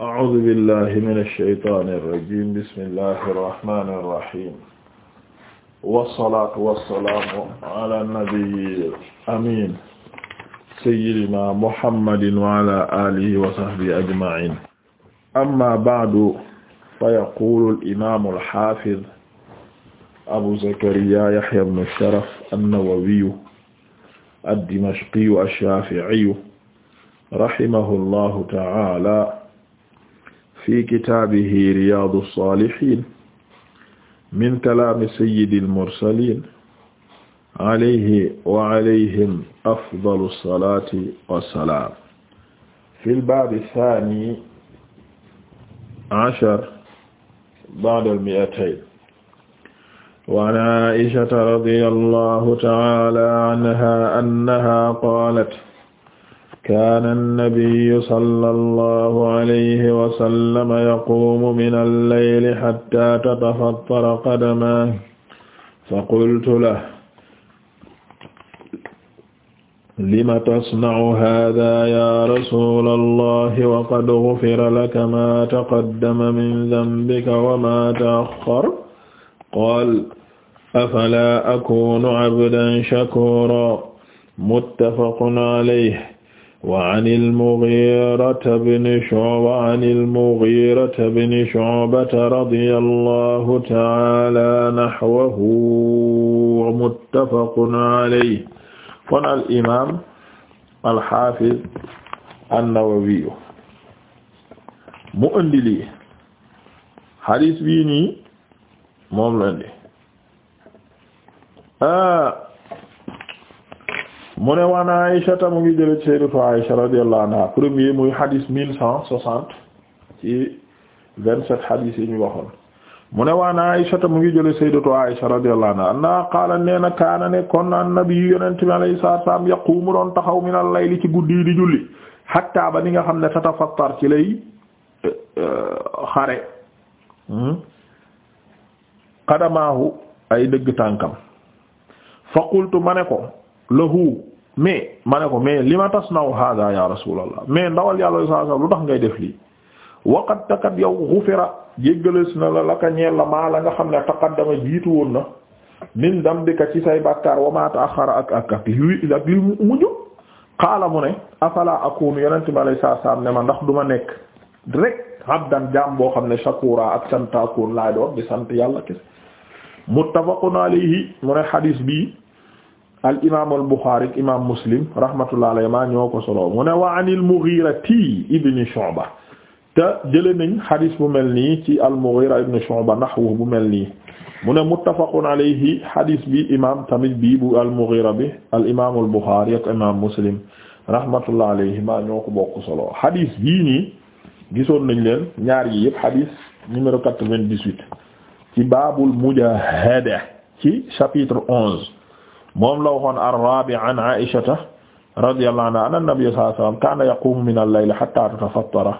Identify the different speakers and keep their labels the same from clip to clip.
Speaker 1: أعوذ بالله من الشيطان الرجيم بسم الله الرحمن الرحيم والصلاة والسلام على النبي الأمين سيدنا محمد وعلى آله وصحبه أجمعين أما بعد فيقول الإمام الحافظ أبو زكريا يحيى بن الشرف النووي الدمشقي الشافعي رحمه الله تعالى fi kitaabihi riyaadu saalihiin min kalaami sayyidil mursaliin alayhi wa alayhim afdalu salaati wa salaam. fil baabi saani ashar ba'dal mi'atayn. wa an Aa'ishata radiyallaahu ta'aalaa anhaa annahaa qaalat. kaana annabiyyu sallallahu alayhi wa sallam yaquumu minal layli hattaa tatafattara qadamaa faqultu lahu lima tasna'u haadaa yaa rasuulallahi waqad ghufira laka maa taqaddama min dhanbika wa maa ta'akhkhara qaala afalaa akuunu abdan shakuuran muttafaqun alayhi wa ani al-Mughirata bni Shu'ba ani al-Mughirata bni Shu'bata radiyallahu ta'ala nahwahu muttafaqun alayhi kon al-imaam al-Haafiz an-Nawawi mu indi lii hadiis bii nii moom la indi ah. mu ne waan Aïcha ta mu ngi jële sayyidatu Aïcha radiyallahu anha premier muy hadis mille cent soixante ci vingt-sept hadis yi ñu waxoon mu ne waan Aïcha ta mu ngi jële sayyidatu Aïcha radiyallahu anha anna qaala nee na kaana ne kon an-nabiyyu yonent bi alayhi salaam yaqumu doon taxaw min al-layli ci guddi di julli hatta ba ni nga xam ne tatafattar ci lay euh, euh, xare hmm? qadamaahu ay dëgg tànkam fa qultu ma ne ko lahu mais ma ne ko mais li ma tas naw hada ya rasulallah mais ndawal yàlla saa saa lu tax ngay def lii waqat takat yow xufira jéggales na la laka ñeel la maa la nga xam ne taqaddama jiitu woon na min dambika ci say bàkkaar wa ma ta'akhkhara ak ak ak li ak li mu mujj xaala mu ne afala akunu yonente bi alay saa salaam ne ma ndax du ma nekk rek abdan jaam boo xam ne shakura ak santakoon laay doon di sant yàlla kese muttafaqun alayhi mu ne xadiis bi al imaam al Buxaari imaam Muslim rahmatullah alayhimaa ñoo ko solo mu ne wa anil Mughiirati ibn Shu'ba te jëlee nañ xadis bu mel ni ci al Mughiira ibn Shu'ba nahwu bu mel nii mu ne muttafaqun alayhi xadis bi imaam tamit bii bu al Mughiira bi al imaamul Buxaari ak imaam Muslim rahmatullah alayhimaa ñoo ko bokk solo xadis bii nii gisoon nañ leen ñaar yi yëpp xadis numéro quatre vingt dix ci chapitre onze. moom la waxoon ar-Rabi' an Aïshata radiyallahu anha anna nabiyya sallallahu alayhi wa sallam kaana yaqumu min al-layli hatta tatafattara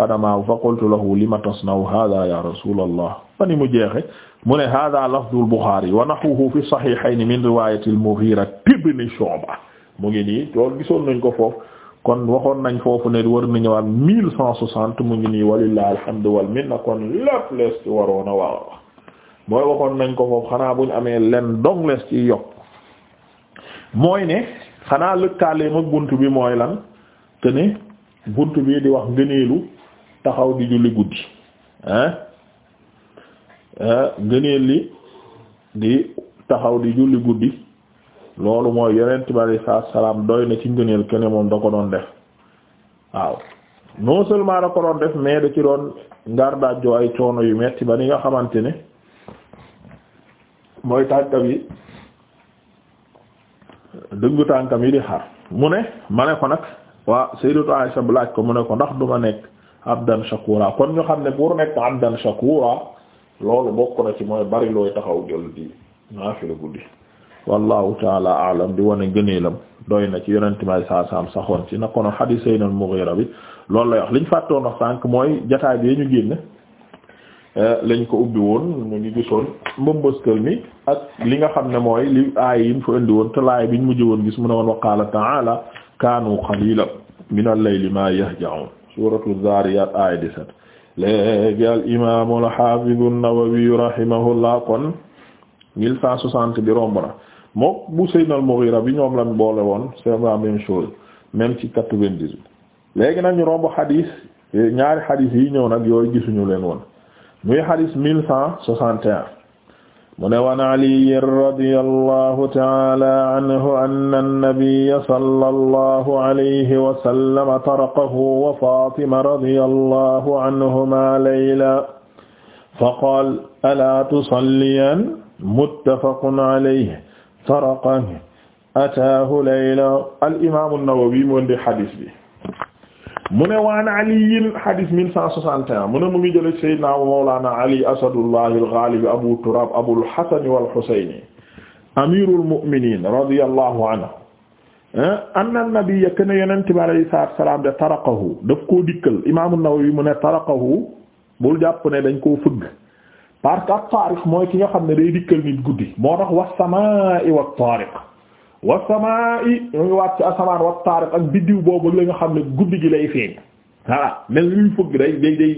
Speaker 1: qadamaahu fa qultu lahu lima tasna'u hadha ya rasulallah fa ni mu jeexe mu ne hadha lafdu al-Bukhari wa nahwuhu fi sahihayn min riwayati al-Mughira ibn Shu'ba mu ngi nii loolu gisoon nañ ko foofu kon waxoon nañ foofu ne war na ñëwaat mille cent soixante mu ngi nii walillahi alhamdu wal minna kon lépp lees ci waroon a waaw mooy waxoon nañ ko foofu xanaa buñ amee len dong lees ci yokk mooy ne xanaa lëkkaaleem ak bunt bi mooy lan te bunt bi di wax ngëneelu taxaw di julli guddi ah ngëneel li di taxaw di julli guddi loolu mooy yonent bi alayhi salaatu doy na ci ngëneel kene moom da ko doon def waaw non seulement da ko doon def mais da ci doon ngar daajoo ay coono yu metti ba ni nga xamante ne mooy tàggat yi dëggu tànkam yi di xar mu ne ma ne ko nag waa Sayyidatu Aisha laaj ko mu ne ko ndax du ma nekk abdan shakura kon ñu xam ne pour nekk abdan shakura loolu bokk na ci mooy bari looy taxaw jël di naafila guddi wallahu taala aalam di wane gëneelam doy na ci yonent may saasaam saxoon ci na kono xadiis Sayyidul Mughira bi loolu lay wax liñ fàttoo wax sànq mooy jataay bi ñu génn Euh, lañ ko ubbi woon ñu ngi gisoon mbambastal mi ak li nga xam ne mooy li aay yim fa indi woon te laay ñu mujj woon gis mu ne woon wa qaala ta'ala kaanu qalilan min al-layli ma yahja'un suratu zariyat aaya a léegi al imam al hafiz an-Nawawi rahimahullah kon 1160 bi romb na mook bu Sayyid al-Mughira bi ñoom lañ boole woon c'est la même chose même ci 98 léegi nag ñu romb xadiis ñaari xadiis yi ñëw nag yooyu gisuñu leen woon muy xadis mille cent soixante et un mu ne wan aliyin radiyallahu taala anhu anna annabiyya sallallahu alayhi wa sallam taraqahu wa fatima radiyallahu anhuma layla faqaal alaa tusalliyan muttafaqun alayhi taraqahu ataahu layla al imaamu nawawi mu indi xadis bi mu ne waan aliyin hadis cent soixante et un mu ne mu ngi jële sayyidina mawlana ali asadullahi al-ghalib abu turab abul hasan wal husayn amirul mu'minin radiyallahu anhu ah, anna nabiyya kana yonent bi alayhi salaatu wa salaam de taraqahu daf koo dikkal imaam an-Nawawi mu ne taraqahu bul jàpp ne dañ koo fëgg parce que at-taariq mooy ki nga xam ne day dikkal nit guddi moo tax was-samaa'i wat-taariq wa samaa'i ñu ngi waat ci asamaan wa taariq ak biddiw boobu la nga xam ne guddi gi lay feeñ voilà mel luy fëgg day day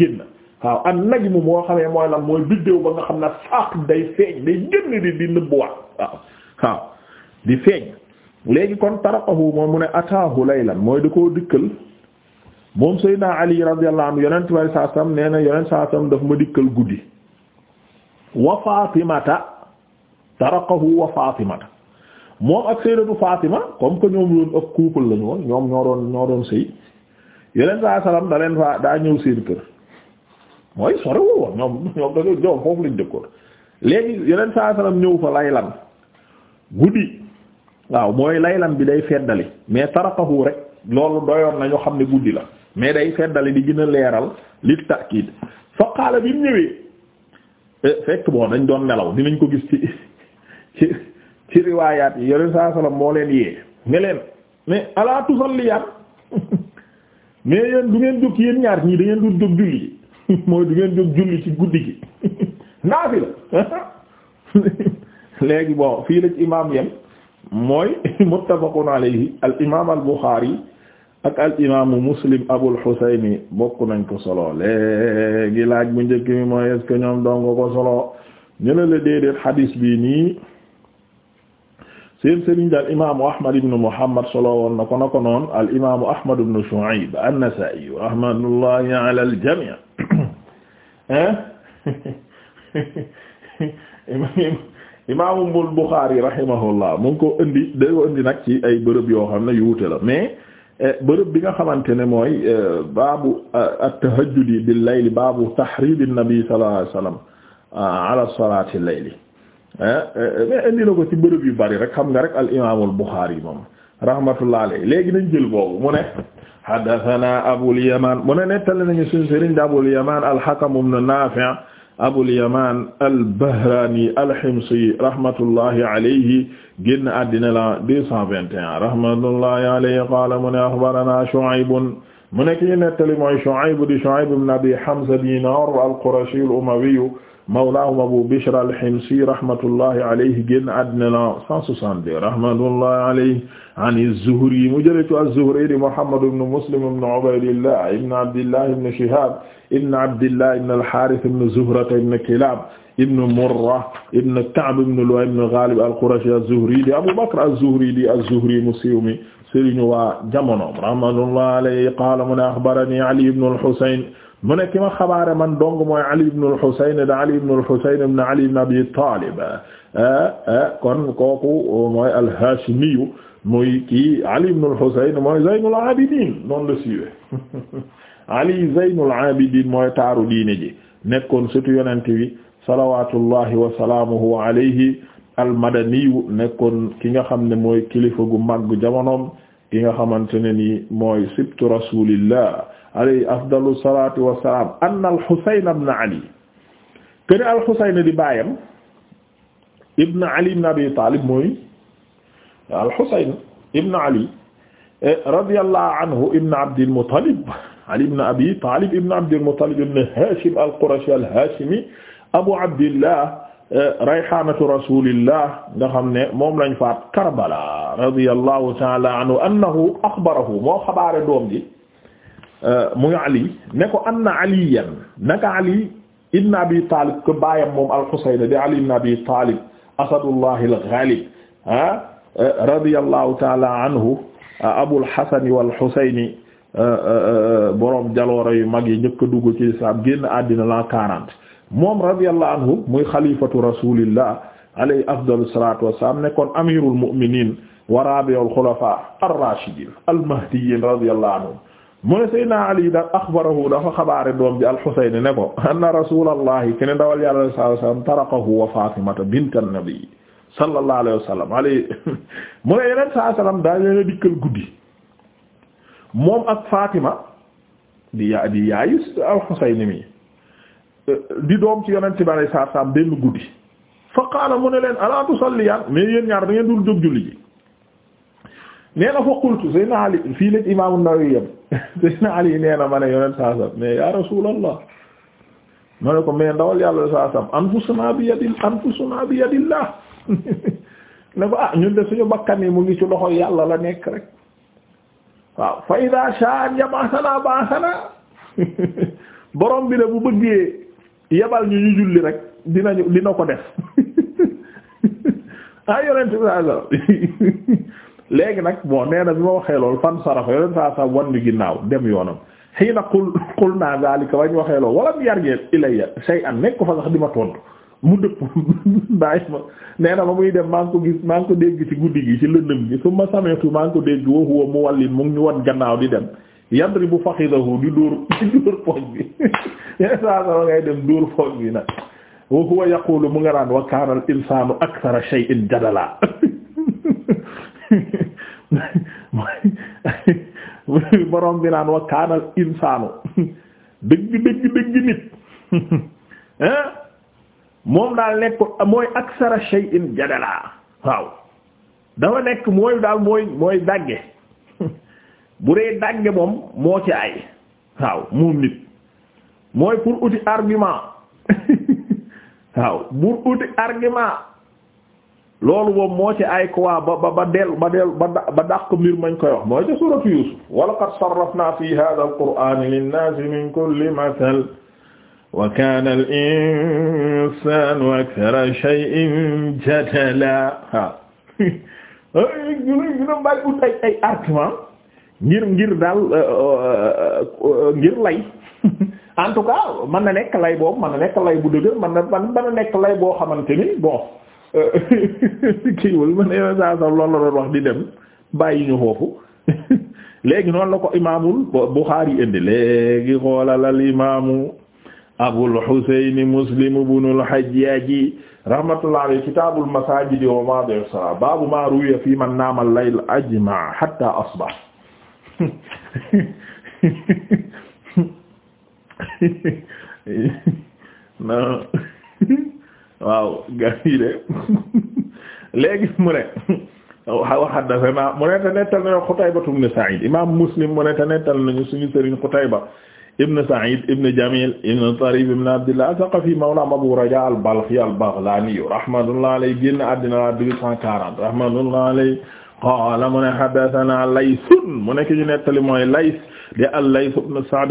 Speaker 1: génn waaw an najmu moo xamee mooy lan mooy biddiw ba nga xam ne saaq day feeñ day génn di di nëbbuwaat waaw waaw di feeñ léegi kon taraqahu moom mu ne ataahu laylan mooy da koo dikkal moom Seydina Ali radiyallahu anhu yonent way saasam nee na yonent saasam daf ma dikkal guddi wa Fatimata taraqahu moom ak sayyidatu Fatima comme que ñoom loon ak couple lañu woon ñoom ñoo doon ñoo doon sëy yeneen saa salaam da leen fa daa ñëw seen kër mooy sorewul woon ñoom ñoom dañoo ñoom foofu lañ dëkkoon léegi yeneen saa ñëw fa laylan guddi mooy laylan bi day feddali mais tarakahu rek loolu doyoon nañu xam ne guddi la mais day feddali di gën a leeral li takkid fa qaala bi ñëwee eh, fekk bon dañ doon melaw dinañ ko gis ci ci riwaayaat yi yoneen saa salaam moo leen yee ne leen mais ala tusalliyaan mais yéen du ngeen jóg yéen ñaar ñii da ngeen du jóg julli ji mooy du ngeen jóg julli ci guddi gi naafi la léegi bon fii la ci imaam yem mooy muttafaqun alayhi al imaam al Buxaari ak al imaamu Muslim Abul Husayni bokk nañ ko solo léegi laaj bu njëkk mi mooy est-ce ñoom doon ko solo ñu déedéet xadiis bii nii seen sëriñ daal imaamu Ahmad ibn Muhammad solo woon na ko na ko noon al imaamu Ahmad ibn Shu'ayb an-Nasaa'i rahmatullahi ala al-jamii' eh? imaamu Buxaari rahimahullah mu ngi ko indi day ko indi nag ci ay bërëb yoo xam ne yu wute la mais eh, bërëb bi nga xamante ne mooy eh, baabu at-tahajjudi bil-layli baabu tahriid an-nabi sallallahu alayhi wa sallam ah, ala salaati al-layli Eh, eh, eh, mais indi na ko ci bërëb yu bari rek xam nga rek al imaamul Buxaari moom rahmatullah alayhi léegi nañ jël boobu mu ne haddathana Abul Yamaan mu ne nettali nañu suñu sëriñ di Abul Yamaan al-Hakam ibn Naafi' Abul Yamaan al-Bahraani al-Himsi rahmatullahi alayhi génn àddina la 221 rahmatullahi alayhi qaala mu ne akhbaranaa Shu'ayb mu ne ki nettali mooy Shu'ayb di Shu'ayb ibn Abi Hamza Dinar al-Qurashi al-Umawi mawlaahum abu bishr al-himsi rahmatullahi alayhi génn àddina la 162 rahmatullahi alayhi an az-zuhri mu jëlee ci az-zuhri di muhammad ibn muslim ibn ubaydillah ibn abdillah ibn shihab ibn abdillah ibn al-harith ibn zuhra ibn kilab ibn murra ibn ka'b ibn lu'ay ibn ghalib al-qurashi az-zuhri di abu bakr az-zuhri di az-zuhri mu siiw mi sëriñu waa jamono rahmatullahi alayhi qaala mu ne akhbarani ali ibn al-husayn mu ne ki ma xabaare man dong mooy Ali ibn al-Husayn da Ali ibn al-Husayn ibn Ali Abi Talib eh, eh, eh, kon kooku mooy al-Hashimi muy kii Ali ibn al-Husayn mooy Zaynul Abidin noonu la siiwee Ali Zaynul Abidin mooy taaru diine ji nekkoon surtout yonent wi salawaatullahi wa salaamuhu alayhi al nekkoon ki nga xam ne mooy kilifa gu mag jamonoom. ki nga xamante ne ni mooy sibtu rasulillah alayhi afdalu salatu wassalam anna al-Husayn ibn Ali ken al-Husayn di baayam ibn Ali ibn Abi Talib mooy al-Husayn ibn Ali e, radiyallahu anhu ibn Abdil Muttalib Ali ibn Abi Talib ibn Abdil Muttalib ibn Hashim al-Qurashi al-Hashimi Abu Abdillah rayhanatu rasulillah nga xam ne moom lañ faat Karbala radiyallahu ta'ala anhu annahu akhbarahu moo xabaare doom ji euh, muy Ali ne ko anna Aliyan naka Ali ibn Abi Talib ko baayam moom al-Husayn di Ali ibn Abi Talib asadullahi al-ghalib ah euh, radiyallahu ta'ala anhu euh, Abul Hasan wal borom jaloore yu mag yi njëkk a dugg ci islam moom radiyallahu anhu muy xalifatu rasulillah alayhi afdalu salatu wassalam nekkoon amirul mu'minin wa rabi'ul khulafa ar-rashidin al-mahdiyyin radiyallahu anhu mu ne Seydina Ali da axbarahu dafa xabaare doom ji al-Husayn ne ko anna rasulallahi kene dawal yàlla sallallahu alayhi wasallam tarakahu wa Fatimata bint an-nabi sallallahu alayhi wasallam alay mu ne yeneen sallallahu alayhi wasallam daa leen dikkal guddi moom ak Fatima di ya di yaayu al-Husayn mi di doom ci yonent ci alayhi salaatu salaam benn guddi fa qaala mu ne leen alaa tusalliyaan mais yéen ñaar da ngeen dul jóg julli ji nee na fa qultu Seydina Ali fii la Imaam An-Nawawi yam Seydina Ali nee ma ne yonent saa salaam mais ya Rasuulallah ma ne ko mais ndawal yàlla saa salaam anfusunaa bi yadil anfusunaa bi yadillah ne ko ah ñun de suñu bakkan yi mu ngi ci loxo yàlla la nekk rek waaw fa idaa sha'a yab'athana ba'athana borom bi de bu bëggee yebal ñu ñu julli rek dinañu dina ko def ah yonent saa saa léegi nag bon nee na bi ma waxee lool fan sarafa yonent saa saa wan ñu ginnaaw dem yoonam xiina qul qul naa zalika wañ waxee lool wala mu yargee ilayya shay'an nekk ko fa sax di ma tontu mu dëpp bàyyi ma nee na ba muy dem maa ngi ko gis maa ngi ko dégg ci guddi gi ci lëndëm gi su ma sameetu maa ngi ko dégg wa mu muwallin mu ñu wan gannaaw di dem yadribu bu di dóor di dóor poñ bi yeneen saa sama ngay dem duur foog bi wa huwa yaqulu mu nga wa kaana al dëgg dëgg dëgg nit hein moom daal nekk mooy akthara shay'in jadala waaw dafa nekk mooy daal mooy mooy bu dee dàgge moom moo ci ay waaw moom nit mooy pour uti argument waaw pour uti argument ci ay quoi ba ba ba del ba del mooy ci suratu yusuf wa laqad sarrafna fi hadha alqur'ani linnaasi min kulli mathal wa kana al insanu akthara shay'in jadala waaw gina ay en man cas mën na nekk lay boobu mën na nekk lay bu dëgër mën na mën na nekk lay boo xamante ni bon euh, kiiwul mën na saa sa loolu la wax di dem bàyyi ñu foofu léegi noonu la ko imaamul Buxaari indi léegi xoolal al imaamu Abul Husayn Muslim ibnul Hajjaaji rahmatullahi alayhi kitaabul masaajidi wa mawaadi'is salaa baabu maa ruwiya fii man naama al-layla ajma'a hattaa asbaha non waaw gaa yi de léegi mu ne wa haddathana mu ne te nettal nañu Qutayba ibn Sa'id imam Muslim mu ne te nettal nañu suñu sëriñ Qutayba ibn Sa'id ibn Jamil ibn Tarif ibn Abdillah Thaqafi mawla Abu Raja al-Balkhi al-Baghlani rahmatullahi alayhi génn àddina 240 rahmatullahi alayhi qala mu ne haddathana Layth mu ne ki ñu nettali mooy Layth de al-Layth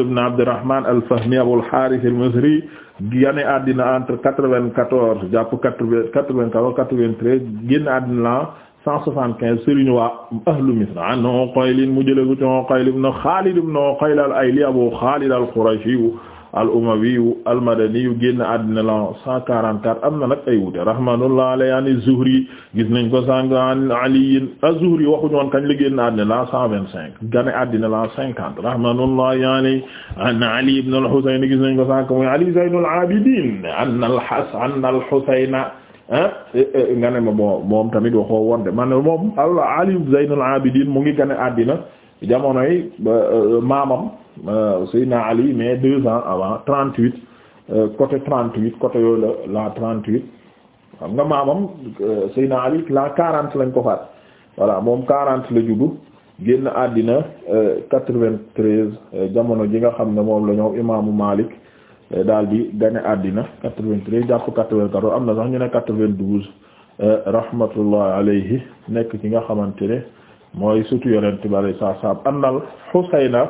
Speaker 1: ibn Abdurrahman al-Fahmi Abul Harith al-Misri entre quatre-vingt-quatorze jàpp quatre-vingt-quatorze quatre-vingt-treize génn àddina la ahlu Misr an Uqayl mu jële ko ci Uqayl Abu Khalid al al umawiyu al madaniyu génn àddina la 144 am na nag ay wute rahmatullah alayhi an Zuhri gis nañ ko sànq an Ali az-Zuhri waxuñu woon kañ la génn àddina la 125 gane àddina la 50 rahmatullah yaani an Ali ibn al-Husayn gis nañ ko sànq mooy Ali Zaynul Abidin an al-Hasan an al-Husayn e, e, nga ne ma bon moom tamit waxoo woon de man moom al Ali mu ngi gane àddina jamonoy e, maamam. Euh, Seydina Ali mais deux ans avant trente-huit euh, côté trente-huit côté yooyu la la trente-huit xam nga maamam euh, Seydina Ali la quarante lañ ko faat voilà moom quarante la juddu génn àddina quatre-vingt-treize jamono ji nga xam ne moom la ñoom imaamu Malik daal di gane àddina quatre-vingt-treize jàpp quatre-vingt-quatorze am na sax ñu ne quatre-vingt-douze rahmatullah alayhi nekk ci nga xamante ne mooy surtout yonent bi am na annal Husayna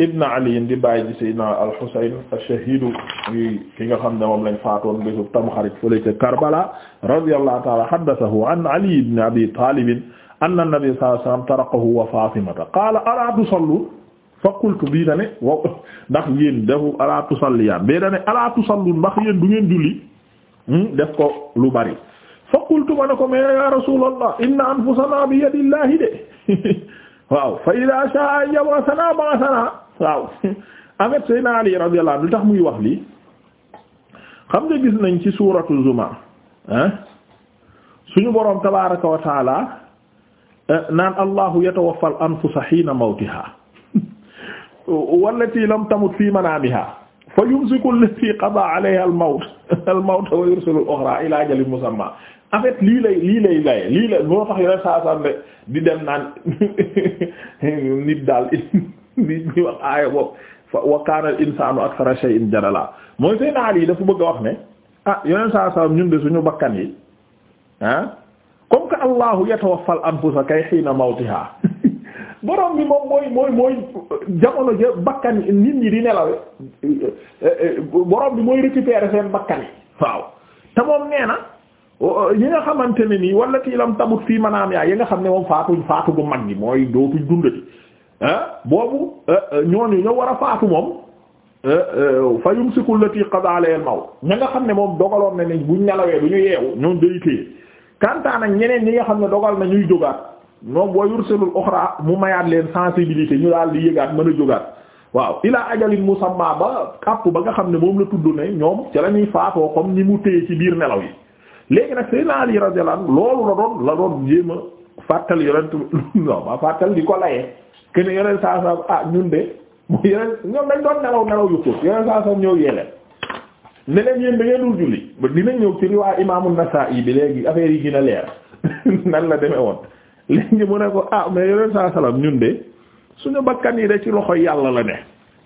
Speaker 1: ibn ali di bàyyi ji sayyidina al-Husayn ash-shahid ki nga xam ne moom lañ faatoon bésub Tamxarit fële ca Karbala radiyallahu ta'ala haddathahu an Ali ibn Abi Talib anna an-nabiy sallallahu alayhi wasallam tarakahu wa Fatimata qala ala tusallu fa qultu bii dane wow ndax yéen defu ala tusalliyaan bee dane ala tusallu ndax yéen du ngeen julli hmm, def ko lu bari fa qultu ma ne ko mais ya rasulallah inna anfusana bi yadillahi de waaw fa ida sha'a yab'athana ba'athana waaw en fait Seydina Ali radiyallahu anhu lu tax muy wax lii xam nga gis nañ ci suuratu Zumar ah suñu boroom tabaaraka wa taala eh, naan Allahu yatawaffal anfusa hiina mawtihaa wallatii lam tamut fii manaamihaa fa yumsiku llatii qadaa alayhaa al-mawt al-mawta wa yursilu al-uxraa ilaa ajalin musammaa en fait lii lay lii lay lay lii lay moo tax yore saa saa di dem naan nit daal. bi ñuy wax aaya boobu fa wa kaana al insaanu akthara mooy seen aal yi dafa bëgg a wax ne ah yeneen saa saa ñun de suñu bakkan yi ah comme que Allahu yatawaffa al anfusa kay hiina mawtiha borom bi moom mooy mooy mooy jamono bakkan nit ñi di nelawe borom bi mooy récupérer seen bakkan yi waaw te moom nee na yi nga xamante ne nii wala kii lam tabut fii manaam yaa yi nga xam ne moom faatuñ faatu bu mag gi mooy dootuñ dundati Ah boobu eh, eh, ñooñu ñoo war a faatu moom eh, fa yumsiku allati la alayha al maw ña nga xam ne moom dogaloon na ne buñ nelawee du ñu yeewu ñoom day téye kantaan nag ñeneen ñi nga xam ne dogal na ñuy jógaat moom wa yursilul ukhra mu mayaat leen sensibilité ñu daal di yëgaat mën a jógaat waaw ilaa ajalin musamma ba kàpp ba nga xam ne moom la tudd ne ñoom ca la ñuy faatoo comme ñi mu téye ci biir nelaw yi léegi nag Seydina Ali radiyallahu anhu loolu la doon la doon jéem a fàttal yorent non di ko layee kene yeneen saa saa ah ñun de yeneen ñoom dañ doon nelaw nelaw yu ko yeneen saa saa ñëw yeeleen ne leen yéen da ngeen dul julli ba dina ñëw ci riwaa imaamu Nasaa'i bi léegi affaire yi gën a leer nan la demee woon léegi mu ne ko ah mais yeneen saa salaam ñun de suñu bakkan yi de ci loxo yàlla la ne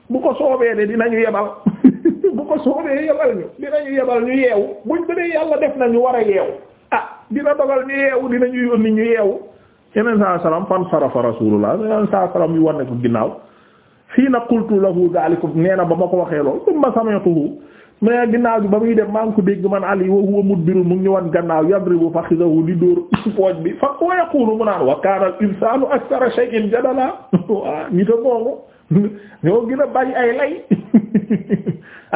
Speaker 1: bu ko soobee de dinañu yebal bu ko soobee yebal ñu dinañu yebal ñu yeewu buñ ko dee yàlla def na ñu war a yeewu ah dina dogal ñu yeewu dinañu yónni ñu yeewu. yeneen saa salaam fan sarafa rasulullah yeneen saa salaam yu war ko ginnaaw fii na qultu lahu dalikum nee na ba ma ko waxee lool thumma sami'tuhu mais ginnaaw bi ba muy def maa ngi ko dégg man Ali wa huwa mudbiru mu ngi ñëwaat gannaaw yadribu fakhidhahu di dóor pooj bi fa wa yaqulu mu naan wa kana al insanu akthara shay'in jadala voilà boobu ñoo gën a bari ay lay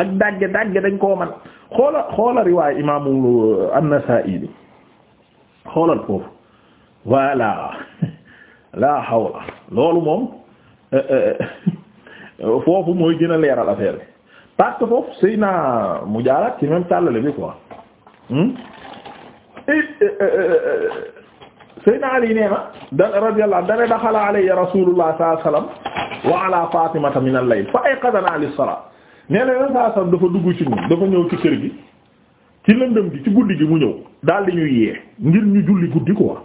Speaker 1: ak dagge dagge dañ koo man xoola xoola riwaay imaamu an-Nasa'i bi xoolal foofu voilà la hawla loolu moom euh, euh, foofu mooy gën a leeral affaire bi parce foofu sëy mu jaaraat ci même tàllale bi quoi hmm? euh, Seydina Ali nee na da radiyallahu dane daxala alayya rasulullah sallallahu alayhi wa ala fatimata min al fa ayqadana lis-salat nee na yoon saa dafa dugg ci ñun dafa ñëw ci kër gi ci lëndëm gi ci guddi gi mu ñëw daal di ñuy yee ngir ñu julli guddi quoi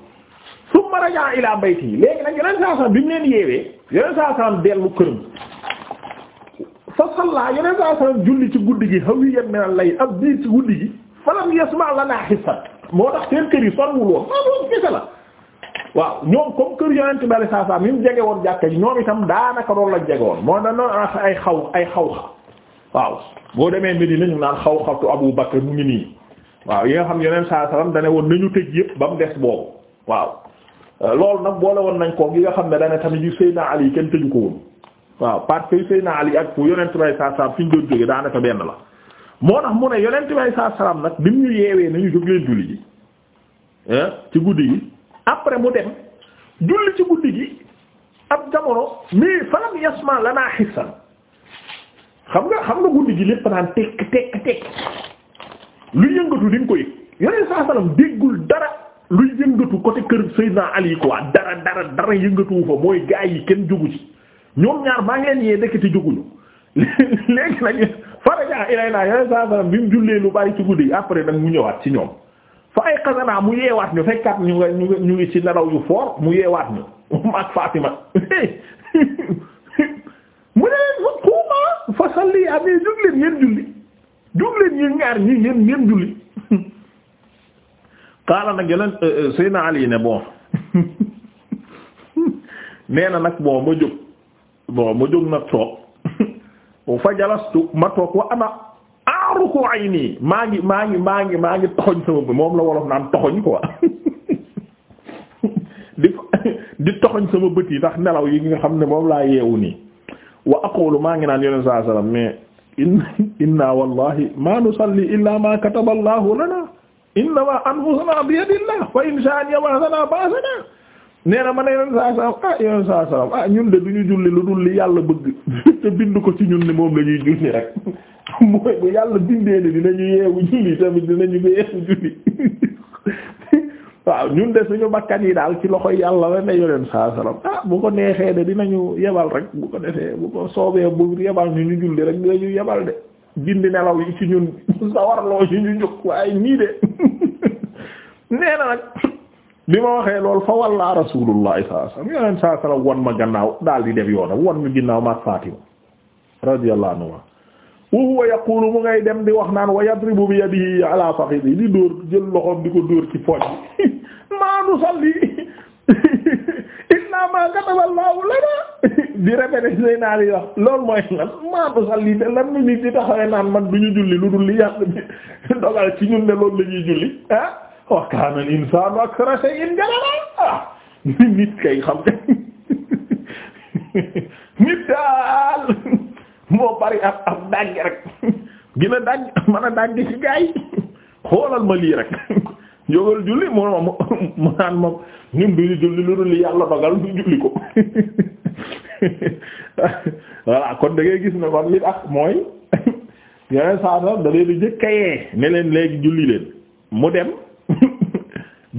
Speaker 1: summa rajaa ilaa bayti yi léegi nag yeneen saa saam bi ñu leen yeewee yeneen saa saam dellu këram fa salla yeneen saa saam julli ci guddi gi hawiyan min al-layl ab biir ci guddi gi falam yasma lana hissan moo tax seen kër yi sorwul woon maa moom waaw ñoom comme kër yonent bale saa saa mi mu jege woon jàkka ji ñoom itam daanaka loolu lañ jege woon moo danoon ay xaw ay xaw xa waaw boo demee Medina ñu naan xaw xatu Abu Bakr mu ngi nii waaw yi nga xam yeneen saa salaam dane woon nañu tëj yëpp ba mu des boobu waaw Euh, loolu nag boole woon nañ ko gi nga xam ne dane tamit yu Seydina Ali kenn tëju ko woon waaw parce que yu Seydina Ali ak fu yonent bay saa salaam fi ñu doon jógee daanaka benn la moo tax mu ne yonent bay saa salaam nag bi mu ñu yeewee nañu jóg leen julli ji eh, ci guddi gi après mu dem julli ci guddi gi ab jamono mais falam yasma lanaa xisan xam nga xam nga guddi gi lépp naan tekk tekk tekk lu yëngatu di koy ko yonent saa salaam déggul dara luy ko côté kër Seydina Ali quoi dara dara dara yëngatuwu fa mooy gaay yi kenn jugu ci ñoom ñaar maa ngi leen yee ndekete juguñu léegi nag faraja ilay naa yooyu saa saa mu jullee lu bari ci guddi après nag mu ñëwaat ci ñoom fa ay xasanaa mu yeewaat ñu fekkaat ñu nga ñu nga ñu ngi ci nelaw yu fort mu yeewaat ñu moom ak Fatima mu ne leen fa xuuma fa salli amee ah, jóg leen ngeen julli jóg leen ñaar ñi ngeen ngeen julli qaala nag yeneen euh, euh, Seydina Ali ne bon nee na nag bon ma jóg bon ma jóg nag toog fa jalastu ma toog wa ana aaruku ayni maa ngi maa ngi maa ngi maa ngi toxoñ sama bët moom la wolof naan toxoñ quoi di di toxoñ sama bët yi ndax nelaw yi nga xam ne moom laa yeewu nii wa aqulu maa ngi naan yeneen saa salaam mais inna inna wallahi ma nusalli illa ma kataba Allahu lana innama anfusuna bi yadillah fa in sha'a yab'athana ba'sana nee na ma ne leen saa ah, saa ah yoon saa saa ah ñun de du ñu julli lu dul li yàlla bëgg te bind ko ci ñun ni moom la ñuy julli rek mooy bu yàlla bindee ni dinañu yeewu julli tamit dinañu yeewu julli waaw ñun de suñu bakkan yi daal ci loxo yàlla la ne yoleen saa salaam ah bu ko neexee de dinañu yebal rek bu ko defee bu ko soobee bu yebal ñu ñu julli rek dinañu yebal de dindi nelaw yi ci ñun sawarloo yi ñu jóg waaye nii de nee nag bi ma waxee lool fa walla rasulullah sallallahu alayhi wasallam yoneen saa sallam won ma gannaaw daal di def yoonam won mi ginnaaw ma Fatima radiyallahu anha wa huwa yaqulu mu ngay dem di wax naan wa yadribu bi yadihi ala fakhidi di dóor jël loxoom di ko dóor ci pooj bi maa nusalli illa ma kataba Allahu di répété Seydina Ali wax loolu mooy lan maatu sax lii de lan la ñuy di taxawee naan man du ñu julli lu dul ah yi ah du lu dul li yàlla dogal du julli ko voilà kon dangay gis ne kon li ak mooy yeneen saa sax da leen di jëkka yee ne leen léegi julli leen mu dem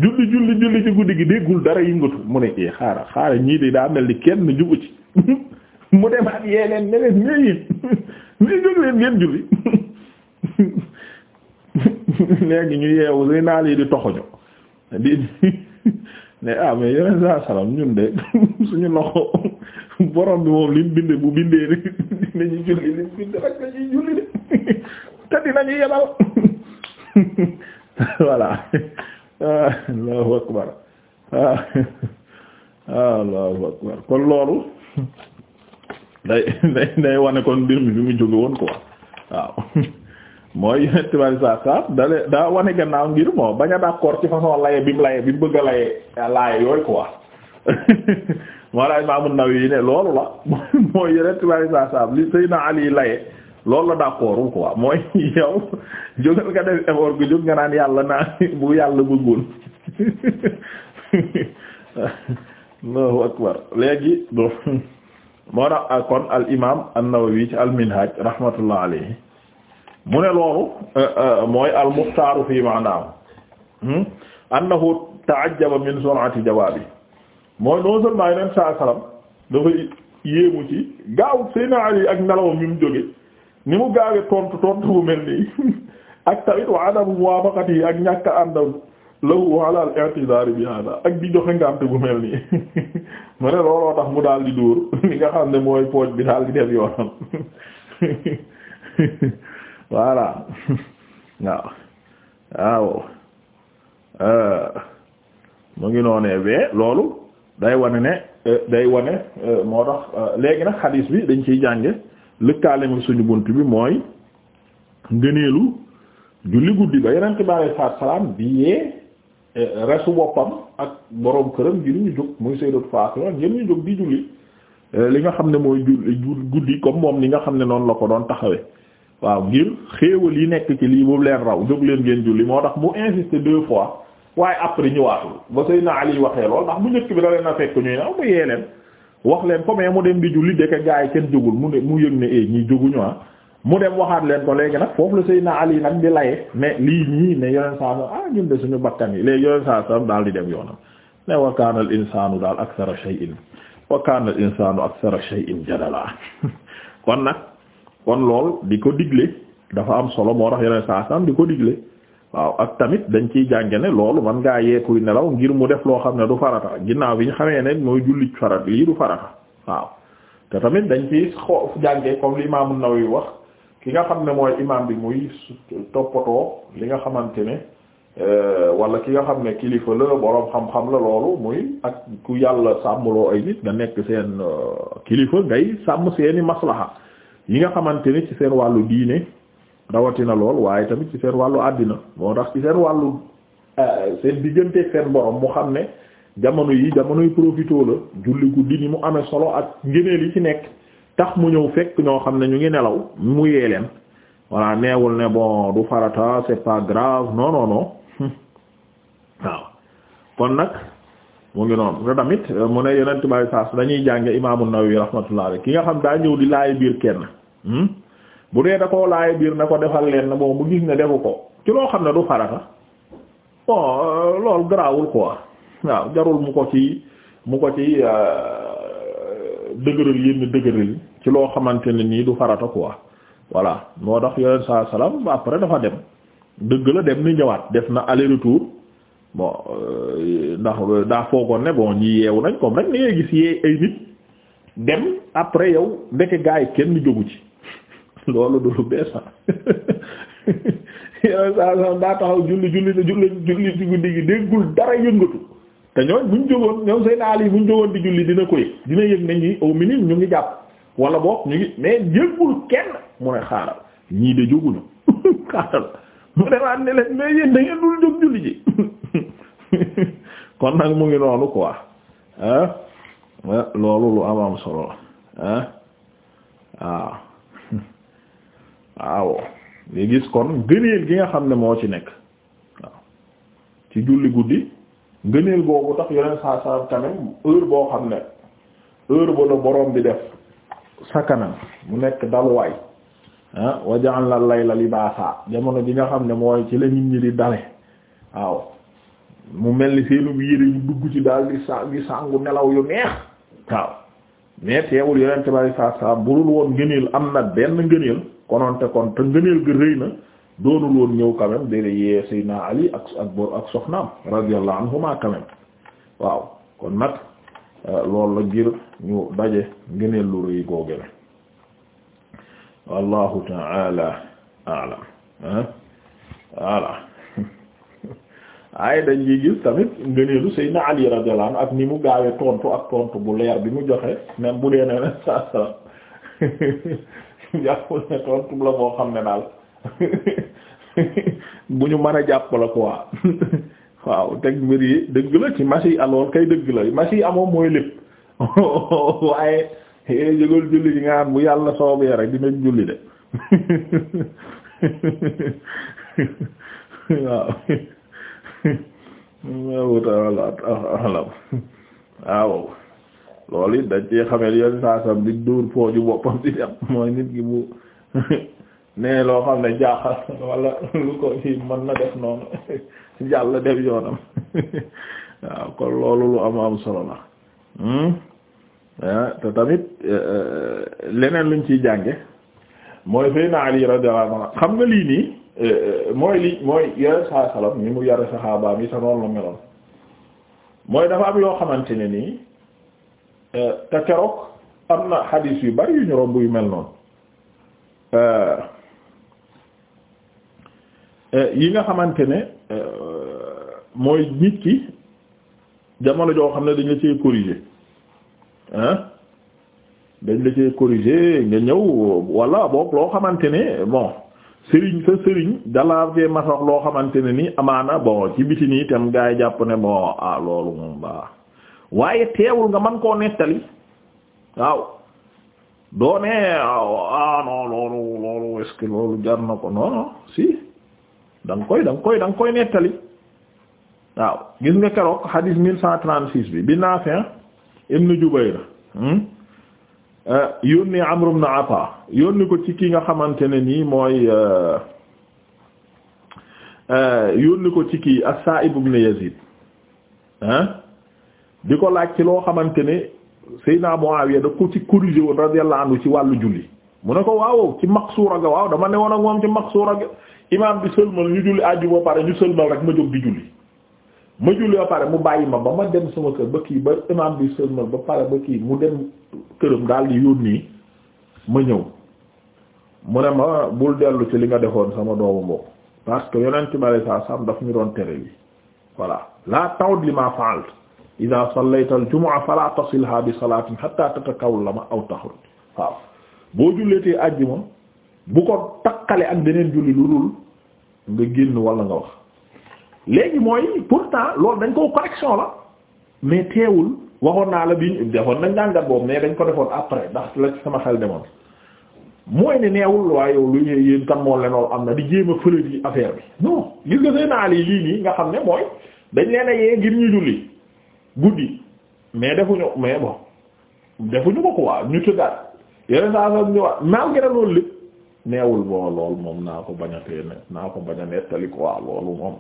Speaker 1: julli julli julli ci guddi gi déggul dara yëngatu mu ne eh xaaral xaaral ñii de daa mel ni kenn jubu ci mu dem ak yee leen ne leen ñooy yéen ñooy jóg leen ngeen julli léegi ñu yeewu li naa leen di toxoñu di. ne ah mais yeneen saa salaam ñun de suñu loxo borom bi moom li bind bu bindee rek dinañu julli lim bind rek lañuy julli de te dinañu yebal voilà allahu akbar ah, allahu akbar kon loolu day day day wane kon mbir mi fi mu jóge woon quoi waaw mooy yonent bi saa saa dale daa wane gannaaw ngir moo bañ a d'accord ci façon laye bi mu laye bi mu bëgg a laye laaya yooyu quoi moo la Imaam An-Nawawi ne loolu la mooy yonent bi saa saa li Seydina Ali laye loolu la d'accordul quoi mooy yow jógal nga def effort jóg nga naan yàlla naa bu yàlla bëggoon Allahu akbar léegi bon moo tax kon al imaam An-Nawawi ci al-Minhaj rahmatullah alayhi mu ne loolu euh, euh, mooy al muxtaaru fi maanaam hmm? annahu ta'ajjaba min sur'ati jawaabi mooy non seulement yeneen saa salaam dafa yéemu ci gaaw Seydina Ali ak nelawam mi mu jóge ni mu gaawee tontu tontu bu mel nii ak tamit wa adamu muwaafaqati ak ñàkk ànd lahu ala al-i'tidaar bi hada ak di joxe ngànt bu mel nii mu ne looloo tax mu daal di dóor li nga xam ne mooy pooj bi daal di dem yoonam voilà waaw waaw eh, mu ngi noonee wee loolu day wane ne eh, day wane eh, moo tax léegi nag xadiis bi dañ ciy jànge lëkkaalemi suñu bunt bi mooy ngëneelu julli guddi ba yeneen bi alei salaatu salaam bi yee resu boppam ak boroom këram ngir ñu jóg muy Sayyidatu Faatima ngir ñu jóg di julli li nga xam ne mooy julli guddi comme moom li nga xam ne noonu la ko doon taxawee waaw ngir xéewal yi nekk ci lii boobu leen raw jóg leen ngeen julli moo tax mu insister deux fois waaye après ñëwaatul ba Seydina Ali waxee lool ndax bu njëkk bi da leen a fekk ñuy naaw mu yee leen wax leen ko mais mu dem di julli dëkk gaa yi kenn jógul mu ne mu yëg ne eh ñii jóguñu ah mu dem waxaat leen ko léegi nag foofu la Seydina Ali nag di laye ne lii ñii ne yeneen saa ah ñun de suñu bakkan yi léegi yeneen saa daal di dem yoonam ne wa kaana al insaanu daal akthara shay'in wa kaana al insaanu akthara in jadala kon nag kon lool di ko digle dafa am solo moo tax yeneen saa saam di ko digle waaw ak tamit dañ ciy jànge ne loolu man ngaa yeekuy nelaw ngir mu def loo xam ne du farata ginnaaw bi ñu xamee ne mooy jullit farat lii du farata waaw te tamit dañ ciy xoo jànge comme li Imaamu Nawawi wax ki nga xam ne mooy imaam bi muy toppatoo li nga xamante ne euh, wala ki nga xam ne kilifa la boroom xam-xam la loolu muy ak ku yàlla sàmmloo ay nit nga nekk seen euh, kilifa ngay sàmm seeni maslaha yi nga xamante ne ci seen wàllu diine rawatina lool waaye tamit ci seen wàllu àddina moo tax ci seen wàllu euh, seen digganteeg seen borom mu xam ne jamono yi jamonoy profitoo la julli guddi ni mu amee solo ak ngëneel yi ci nekk tax mu ñëw fekk ñoo xam ne ñu ngi nelaw mu yee leen voilà neewul ne bon du farata c'est pas grave non non waaw kon nag mu ngi noonu te tamit mu ne yeneen tubaab saas dañuy jànge imaamu Nawawi rahmatullah ki nga xam daa ñëw di laay biir kenn. hum bu dee da koo laay biir na ko defal leen na moom mu gis ne defu ko ci loo xam ne du farata bon euh, loolu garaawul ko waa jarul mu ko ci mu ko ci euh, dëgëral yenn dëgëral ci loo xamante ne nii du farata quoi voilà moo tax yoneen saa salaam après dafa dem dëgg la dem ni ñëwaat def na aller retour bon euh, ndax daa foogoon ne bon ñi yeewu nañ ko rek ni ngay gis yee ay nit dem après yow ndeke gaa yi kenn jógu ci loolu du lu bees ah yeneen saa saa daa taxaw julli julli julli julli ci guddi gi déggul dara yëngatu te ñooñ buñ jógoon ñoom seen aal yi buñ jógoon di julli dina ko yëg dina yëg ne ñi ñu ngi jàpp wala boog ñu ngi mais yëgul kenn mu ne xaaral ñii de jóguñu xaaral mu ne maa ne leen mais yéen da ngeen dul jóg julli ji kon nag mu ngi noonu quoi ah loolu lu am am solo ah waaw. waaw li gis kon ngëneel gi nga xam ne moo ci nekk waaw ci julli guddi ngëneel boobu tax yeneen saa saa kanam heure boo xam ne heure ba la borom bi def sa kanam mu nekk daluwaay ah wa ja'alna lay la libaasa jamono ji nga xam ne mooy ci la nit ñi di dale waaw mu mel ni seenu yére yu dugg ci daal di sa di sangu nelaw yu neex waaw mais teewul yonente bari saa saa bulul woon ngëneel am na benn ngëneel kononte kon te ngëneel gi rëy na doonul woon ñëw quand même dara yee Ali ak soxnaam radiyallahu anhuma quand waaw kon nag euh, loolu la ngir ñu daje ngëneel lu rëy googu la wallahu ta'ala a'lam ah voilà waaye dañ ciy gis tamit ngëneelu Seydina Ali radiyallahu ak ni mu gaawee tontu ak tontu bu leer bi mu joxe même bu dee ne ne saa saa jàppul ne tontu la boo xam ne daal bu ñu mën a jàpp la quoi waaw teg mbir yi dëgg la ci masi alool kay dëgg la masi amoon mooy lépp waaye eh, yëgal julli di nga am bu yàlla soobee rek dinañ julli de waaw. waaw waaw loolu it dañ cee xamee yoon saa sam di dóor pooju boppam di dem mooy nit ki bu nee loo xam ne jaaxal wala lu ko ci mën na def noonu jàll def yoonam waaw kon loolu lu am am solo la hmm? ah, te tamit eh, eh, leneen luñ ciy jànge mooy Seydina Ali radiyallahu anhu xam nga lii nii Euh, euh, mooy li mooy yore saa salam ni mu yare saxaabaam yi sa noonu la meloon mooy dafa am yoo xamante ne nii euh, te keroog am na xadiis yu bari yu ñu romb yu mel noonu yi nga xamante ne mooy nit ki jamono joo xam ne dañ la cee corriger dañ la cee corriger nga ñëw walla boog loo xamante ni bon sëriñ sa sëriñ dalaa fee masax loo xamante ne ni amaana bon ci biti nii itam gaa yi jàpp ne bon ah loolu moom baa waaye teewul nga man koo nettali waaw doo ah non loolu loolu est loolu jar na ko non si da koy da koy da koy nettali waaw gis nga keroog hadis mille cent trente six bi bi Naafi' ibn Jubayr hmm? Eh, yónni Amr ibn Ata yónni ko ci kii nga xamante ne nii mooy eh, eh, yónni ko ci kii as-Sa'ib ibn Yazid ah di ko laaj ci loo xamante ne Seydina Muawiya da ko ci corrigé woon radiyallahu anhu ci wàllu julli mu ne ko waaw ci maqsuura ga waaw dama ne woon ak moom ci maqsuura ga imaam bi sëlmal ñu julli àjjuma ba pare ñu sëlmal rek ma jóg di julli ma julli ba pare mu bàyyi ma ba ma dem sama kër ba kii ba imam bi sëlmal ba pare ba kii mu dem këram daal di yónni ma ñëw mu ne ma bul dellu ci li nga defoon sama doomu mbokk parce que yonent bi saa saam daf ñu doon tere bi voilà la tawd li ma fa'alt ida sallayta al jumu'a fala tasilha bi salatin hatta tatakawlama aw taxruj waaw boo julleetee àjjuma bu ko takkale ak beneen julli lu dul nga génn wala nga wax léegi mooy pourtant loolu dañ koo correction la mais teewul waxoon naa la bi defoon nañ jàngat boobu mais dañ ko defoon après ndax lañ sama xel demoon mooy ne neewul waaye yow lu yéen tam moo lenool am na di jéem a fëlal yi affaire bi non gis nga seen naal yi lii nii nga xam ne mooy dañ leen a yee ngir ñu julli guddi mais defuñu mais bon defuñu ko quoi ñu tëddaat yeneen saa saa ñu wax malgré loolu lépp neewul boo lool moom naa ko bañ a tee naa ko bañ a nettali quoi loolu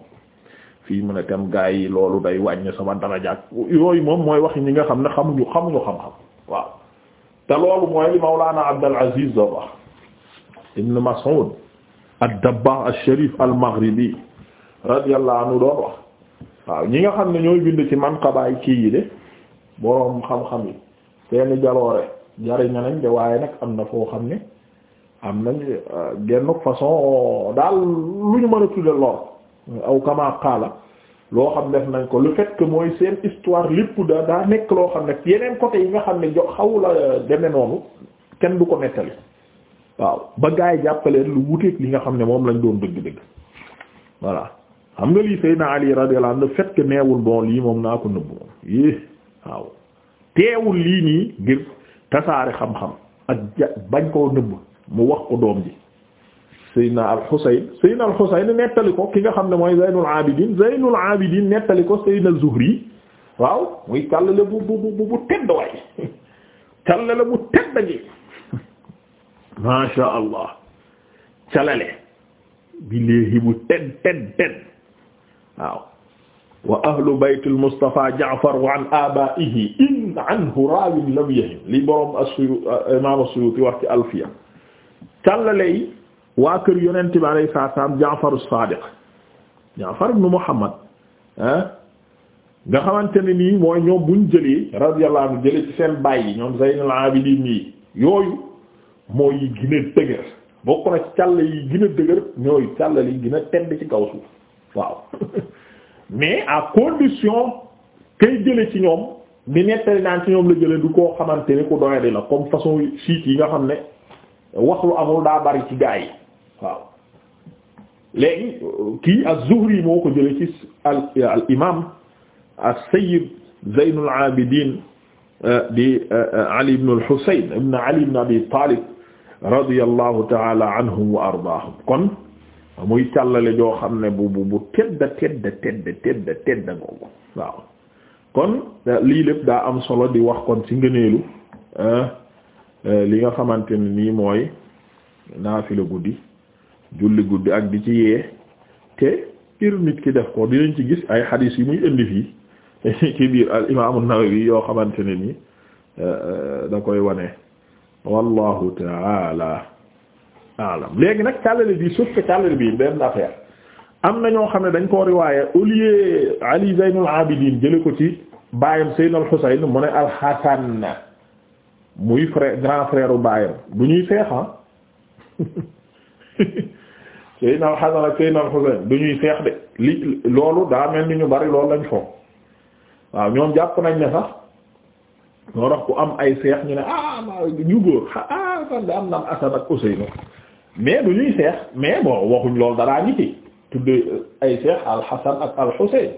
Speaker 1: fii mu a tam gaa yi loolu day wàññi sama darajaak yooyu moom mooy wax ñi nga xam ne xamuñu xamuñu xam-xam waaw te loolu mooy li Mawlana Abdul Aziz da wax Ibn Mas'ud ad-Dabbagh ash-Sharif al-Maghribi radiyallahu anhu doon wax waaw ñi nga xam ne ñooy bind ci xabaay kii yi de boroom xam-xam yi seeni jaloore jariñ nañ de waaye nag am na foo xam ne am nañ euh, genn façon daal lu ñu mën a tudde lor aw kama qaala loo xam def nañ ko le fait mooy seen histoire lépp da daa nekk loo xam ne yeneen côté yi nga xam ne jo xaw la deme noonu kenn du ko nettali waaw ba gaa yi jàppaleen lu wuteeg li nga xam ne moom lañ doon dëgg-dëgg voilà xam nga lii Seydina Ali radiyallahu anhu le fait que neewul bon lii moom naa ko nëbb moom yi ngir tasaare xam-xam ak ja bañ koo nëbb mu wax ko doom bi Seydina al-Husayn ki nga xam ne mooy Zaynul Abidin Zaynul Abidin nettali ko Seydina Zuhri waaw muy bu bu bu bu tedd waay bu tedd ma sha Allah càllale bi léegi bu tedd tedd wa ahlu baytil Mustafa Jaafar wa an in anhu raawin lam yahin li borom as-Suyuti imaam waa kër yonent bi alayhi salaam Jaafar as-Sadiq Jaafar ibn Muhammad ah nga xamante ne nii mooy ñoom buñ jëlee radiyallahu anhu jëlee ci seen bàyyi ñoom Zaynul Abidin nii yooyu mooy yi gën a dëgër bokk na càll yi gën a dëgër ñooy càll yi gën a tedd ci kaw suuf waaw mais à condition kay jële ci ñoom bi nettali naan ci ñoom la jële du koo xamante ni ku doyadi la comme façon siit yi nga xam ne wax lu amul daa bari ci gaa yi waaw léegi kii az-Zuhri moo ko jëlee ci al imaam as-Sayyid Zaynul Abidin euh, di euh, Ali ibn al-Husayn ibn Ali ibn Abi Talib radiyallahu ta'ala anhum wa ardaahum kon muy càllale joo xam ne bu bu tedda tedda tedda tedda tedda kon lii lépp daa am solo di wax kon ci ngëneelu euh, li nga xamante ni nii mooy naafila guddi julli guddi ak di ci yee te ngir nit ki def ko dinañ ci gis ay xadiis yi muy indi fii ci al imaamu Nawawi yoo xamante ne ni euh, da koy wane wallahu taala alam léegi nag càllale bi suuf que bi benn affaire am na ñoo xam ne dañ ko riwaaye au lieu Ali Zaynul Abidin jële ko ci baayam Seydina al Husayn mu ne al Hasan muy frère grand frère u baayam bu ñuy feexa ah. Seydina Al-Hasan ak Seydina Al-Husayn du ñuy seex de loolu daa mel ni ñu bari lool lañ foog waaw ñoom jàpp nañ ne sax ñoo tax ku am ay seex ñu ne ah ñu góor ah fan ak Husayn mais du ñuy seex mais bon waxuñ loolu daraa ngi ci tudde euh, ay seex Al-Hasan ak Al-Husayn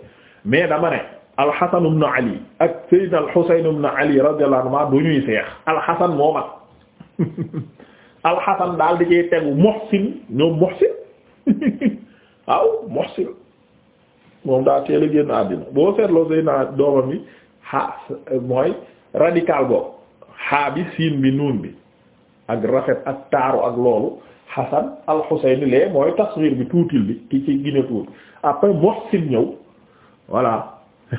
Speaker 1: mais dama ne Al-Hasan ibn Ali ak Seydina Al-Husayn ibn Ali radiyallahu anhu du ñuy seex Al-Hasan moo mag Al-Hasan daal di ciy tegu Muhsin ñoom Muhsin waaw muhsin moom daa teel a génn àddina boo seetloo say doomam yi xaa mooy radical boobu xaa bi siin bi nuun bi ak rafet ak taaru ak loolu Hasan al-Husayn lee mooy tasghir bi tuutil bi ki ci gine tuut après muhsin ñëw voilà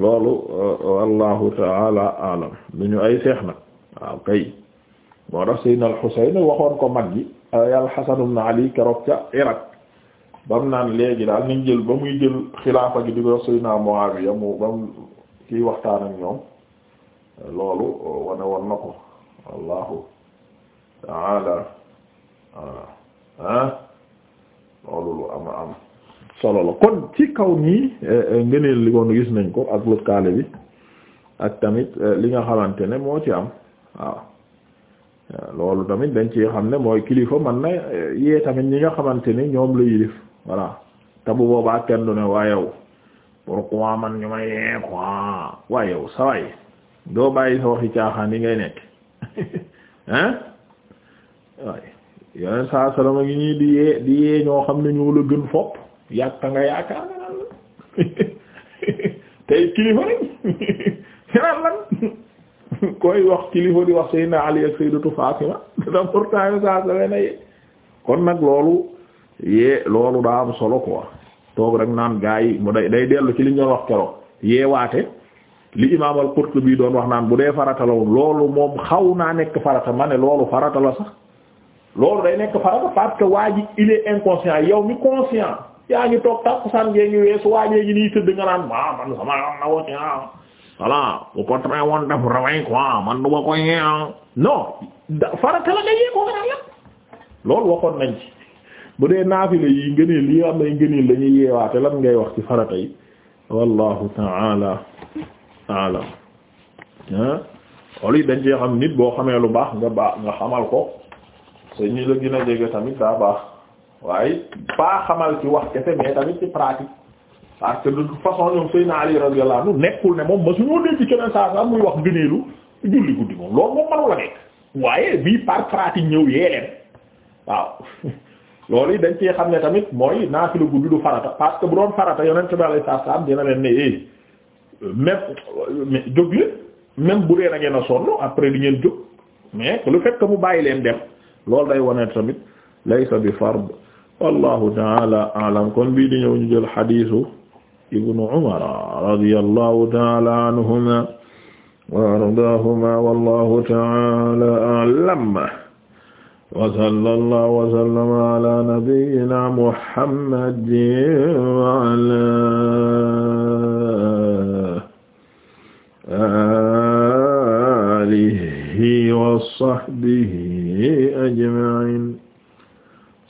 Speaker 1: loolu euh, wallahu taala alam lu ñu ay seex nag waaw kay moo tax Seydina al waxoon ko mag gi Euh, al Hasan ibn Ali keroog ca Irak naan léegi daal nañ jël ba muy jël xilaafa gi di ko Seydina Muawiya mu ba mu kiy waxtaan ak ñoom loolu euh, wane woon na ko wallahu ta'ala ah loolu lu am am solo la kon ci kaw nii ngëneel li koon gis nañ ko ak lëkkaale bi ak tamit li nga xamante ne moo ci am waaw loolu tamit dañ ci xam ne mooy kilifa man na eh, yee tamit ñi nga xamante ni ñoom la yilif voilà te bu boobaa kenn du ne waayow pourquoi man ñu ma yee quoi waayow sa waay doo bàyyi sa waxi caaxaan yi ngay nekk hein waay yeneen saa salama ngi ñii di yee di yee ñoo xam ne ñoo la gën fopp yàgg nga yaakaar tey kilifa rek yeneen lan koy wax kilifa di wax Seydina Ali ak Sayyidatu Fatima da pourtant yo sa salen a kon nag loolu yee loolu daa am solo ko quoi toog rek naan gaa yi mu day day dellu ci liñ doon wax keroog yeewaate li imaam al-Qurtubi doon wax naan bu dee farata la woon loolu moom xaw naa nekk farata ma ne loolu farata la sax loolu day nekk farata parce que waa ji il est inconscient yow mi conscient yaa ngi toog takkusaan ngee ngi weesu waajee ngi nii tëdd voilà bu ko traité woon daf raway quoi man du ma ko ñëwee ah da farata la nga ñëw ko nga loolu waxoon nañ ci bu dee naafile yi ngëneel yi am na ngëneel dañuy yeewaate lan ngay wax ci farata yi wallahu ta'ala a'lam xool yi dañ cee xam nit boo xamee lu baax nga baax nga xamal ko te la gën a jege tamit daa baax waaye baa xamal ci wax kese mais tamit ci pratique. parce que de toute façon ñoom Seydina Ali radiyallahu anhu nekkul ne moom masuñoo dégg keneen saa saa muy wax gëneelu julli guddi moom loolu moom mënu la nekk waaye bii dañ cee xam ne tamit mooy naafila parce que bu doon farata yonent bi alayhi salaam dina leen ne eh même jóg bu dee na ngeen a sonn après li ngeen jóg mais le fait mu bàyyi leen dem loolu day wane tamit laysa bi fard wallahu taala alam kon bii di ñëw ñu jël xadiisu ibnu umara radiyallahu taala anhuma wa ardaahuma wallahu taala a'lam wa sallallahu wa sallama ala nabiyyina muhammadin wa ala alihi wa sahbihi ajma'in